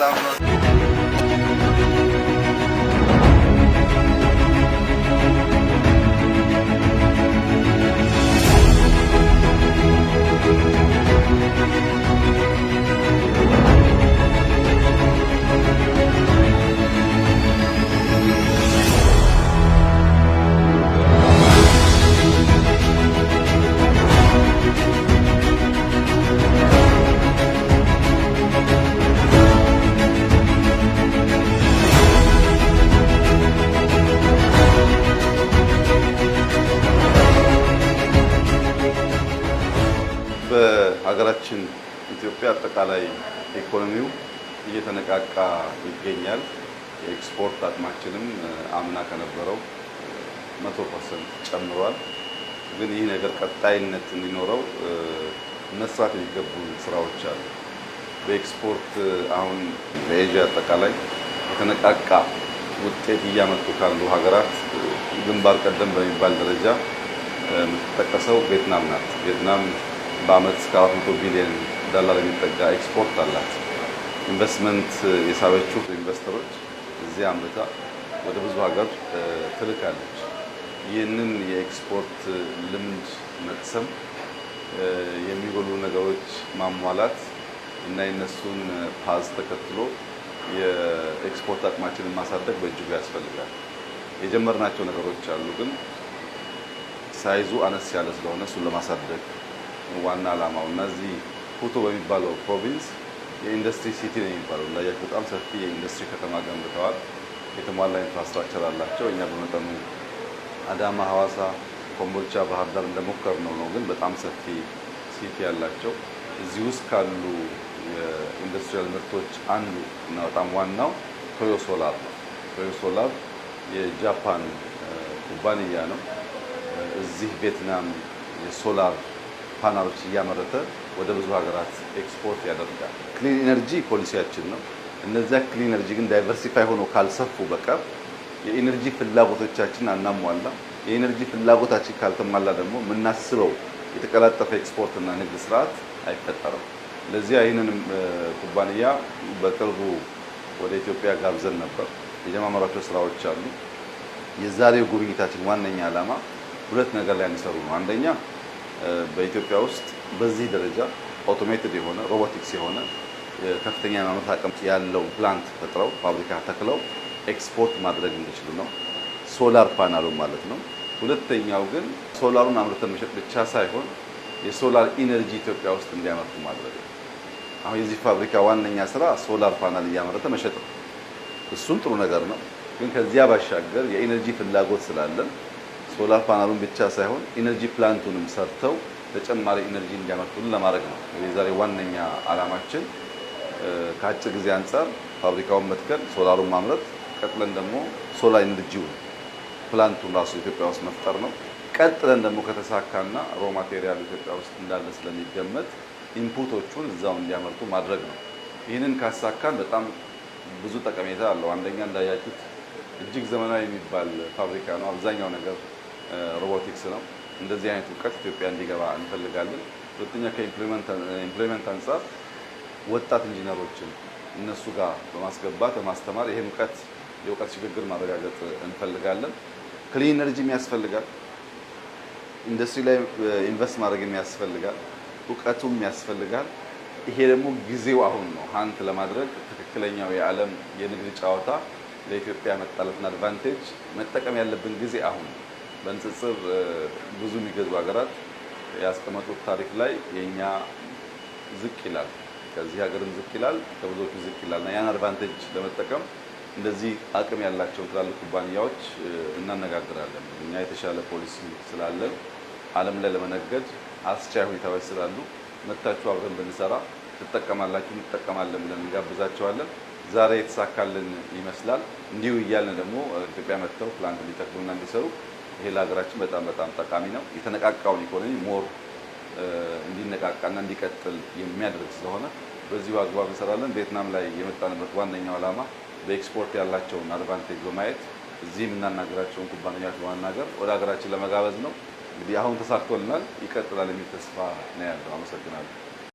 mandava. በሀገራችን ኢትዮጵያ አጠቃላይ ኢኮኖሚው እየተነቃቃ ይገኛል። የኤክስፖርት አቅማችንም አምና ከነበረው መቶ ፐርሰንት ጨምሯል። ግን ይህ ነገር ቀጣይነት እንዲኖረው መስራት የሚገቡ ስራዎች አሉ። በኤክስፖርት አሁን በኤዥያ አጠቃላይ የተነቃቃ ውጤት እያመጡ ካሉ ሀገራት ግንባር ቀደም በሚባል ደረጃ የምትጠቀሰው ቬትናም ናት። ቬትናም በአመት እስከ 400 ቢሊዮን ዶላር የሚጠጋ ኤክስፖርት አላት። ኢንቨስትመንት የሳበችው ኢንቨስተሮች እዚህ አምርታ ወደ ብዙ ሀገር ትልካለች። ይህንን የኤክስፖርት ልምድ መቅሰም፣ የሚጎሉ ነገሮች ማሟላት እና የነሱን ፓዝ ተከትሎ የኤክስፖርት አቅማችንን ማሳደግ በእጅጉ ያስፈልጋል። የጀመርናቸው ነገሮች አሉ፣ ግን ሳይዙ አነስ ያለ ስለሆነ እሱን ለማሳደግ ዋና ዓላማው እዚህ ሁቱ በሚባለው ፕሮቪንስ የኢንዱስትሪ ሲቲ ነው የሚባለው እንዳያችሁ በጣም ሰፊ የኢንዱስትሪ ከተማ ገንብተዋል። የተሟላ ኢንፍራስትራክቸር አላቸው። እኛ በመጠኑ አዳማ፣ ሐዋሳ፣ ኮምቦልቻ፣ ባህር ዳር እንደሞከር ነው ነው ግን በጣም ሰፊ ሲቲ ያላቸው እዚህ ውስጥ ካሉ የኢንዱስትሪያል ምርቶች አንዱ እና በጣም ዋናው ቶዮ ሶላር ነው። ቶዮ ሶላር የጃፓን ኩባንያ ነው። እዚህ ቬትናም የሶላር ፓናሎች እያመረተ ወደ ብዙ ሀገራት ኤክስፖርት ያደርጋል። ክሊን ኢነርጂ ፖሊሲያችን ነው። እነዚያ ክሊን ኤነርጂ ግን ዳይቨርሲፋይ ሆኖ ካልሰፉ በቀር የኤነርጂ ፍላጎቶቻችን አናሟላ። የኤነርጂ ፍላጎታችን ካልተሟላ ደግሞ የምናስበው የተቀላጠፈ ኤክስፖርትና ንግድ ስርዓት አይፈጠርም። ለዚያ ይህንን ኩባንያ በቅርቡ ወደ ኢትዮጵያ ጋብዘን ነበር። የጀማመራቸው ስራዎች አሉ። የዛሬው ጉብኝታችን ዋነኛ ዓላማ ሁለት ነገር ላይ የሚሰሩ ነው። አንደኛ በኢትዮጵያ ውስጥ በዚህ ደረጃ አውቶሜትድ የሆነ ሮቦቲክስ የሆነ ከፍተኛ የማምረት አቅም ያለው ፕላንት ፈጥረው ፋብሪካ ተክለው ኤክስፖርት ማድረግ እንዲችሉ ነው። ሶላር ፓናሉ ማለት ነው። ሁለተኛው ግን ሶላሩን አምርተን መሸጥ ብቻ ሳይሆን የሶላር ኢነርጂ ኢትዮጵያ ውስጥ እንዲያመርቱ ማድረግ ነው። አሁን የዚህ ፋብሪካ ዋነኛ ስራ ሶላር ፓናል እያመረተ መሸጥ ነው። እሱም ጥሩ ነገር ነው። ግን ከዚያ ባሻገር የኢነርጂ ፍላጎት ስላለን ሶላር ፓናሉን ብቻ ሳይሆን ኢነርጂ ፕላንቱንም ሰርተው ተጨማሪ ኢነርጂ እንዲያመርቱን ለማድረግ ነው። የዛሬ ዋነኛ አላማችን ከአጭር ጊዜ አንጻር ፋብሪካውን መትከል፣ ሶላሩን ማምረት፣ ቀጥለን ደግሞ ሶላር ኢነርጂውን ፕላንቱን ራሱ ኢትዮጵያ ውስጥ መፍጠር ነው። ቀጥለን ደግሞ ከተሳካና ሮ ማቴሪያል ኢትዮጵያ ውስጥ እንዳለ ስለሚገመት ኢንፑቶቹን እዛው እንዲያመርቱ ማድረግ ነው። ይህንን ካሳካን በጣም ብዙ ጠቀሜታ አለው። አንደኛ እንዳያችሁት እጅግ ዘመናዊ የሚባል ፋብሪካ ነው። አብዛኛው ነገር ሮቦቲክስ ነው። እንደዚህ አይነት እውቀት ኢትዮጵያ እንዲገባ እንፈልጋለን። ሁለተኛ ከኢምፕሊመንት አንጻር ወጣት ኢንጂነሮችን እነሱ ጋር በማስገባት በማስተማር ይሄን እውቀት የእውቀት ሽግግር ማረጋገጥ እንፈልጋለን። ክሊን ኤነርጂም ያስፈልጋል። ኢንዱስትሪ ላይ ኢንቨስት ማድረግም ያስፈልጋል። እውቀቱም ያስፈልጋል። ይሄ ደግሞ ጊዜው አሁን ነው። ሀንት ለማድረግ ትክክለኛው የዓለም የንግድ ጨዋታ ለኢትዮጵያ መጣለትን አድቫንቴጅ መጠቀም ያለብን ጊዜ አሁን ነው። በንጽጽር ብዙ የሚገዙ ሀገራት ያስቀመጡት ታሪክ ላይ የእኛ ዝቅ ይላል። ከዚህ ሀገርም ዝቅ ይላል፣ ከብዙዎቹ ዝቅ ይላል እና ያን አድቫንቴጅ ለመጠቀም እንደዚህ አቅም ያላቸው ትላልቅ ኩባንያዎች እናነጋግራለን። እኛ የተሻለ ፖሊሲ ስላለን ዓለም ላይ ለመነገድ አስቻይ ሁኔታዎች ስላሉ መታችሁ አብረን ብንሰራ ትጠቀማላችሁ፣ እንጠቀማለን ብለን እንጋብዛቸዋለን። ዛሬ የተሳካልን ይመስላል። እንዲሁ እያልን ደግሞ ኢትዮጵያ መጥተው ፕላንት እንዲጠቅሙና እንዲሰሩ ይሄ ለሀገራችን በጣም በጣም ጠቃሚ ነው። የተነቃቃውን ኢኮኖሚ ሞር እንዲነቃቃና እንዲቀጥል የሚያደርግ ስለሆነ በዚሁ አግባብ እንሰራለን። ቪየትናም ላይ የመጣንበት ዋነኛው ዓላማ በኤክስፖርት ያላቸውን አድቫንቴጅ በማየት እዚህ የምናናገራቸውን ኩባንያዎች በማናገር ወደ ሀገራችን ለመጋበዝ ነው። እንግዲህ አሁን ተሳክቶልናል፣ ይቀጥላል የሚል ተስፋ ነው ያለው። አመሰግናለሁ።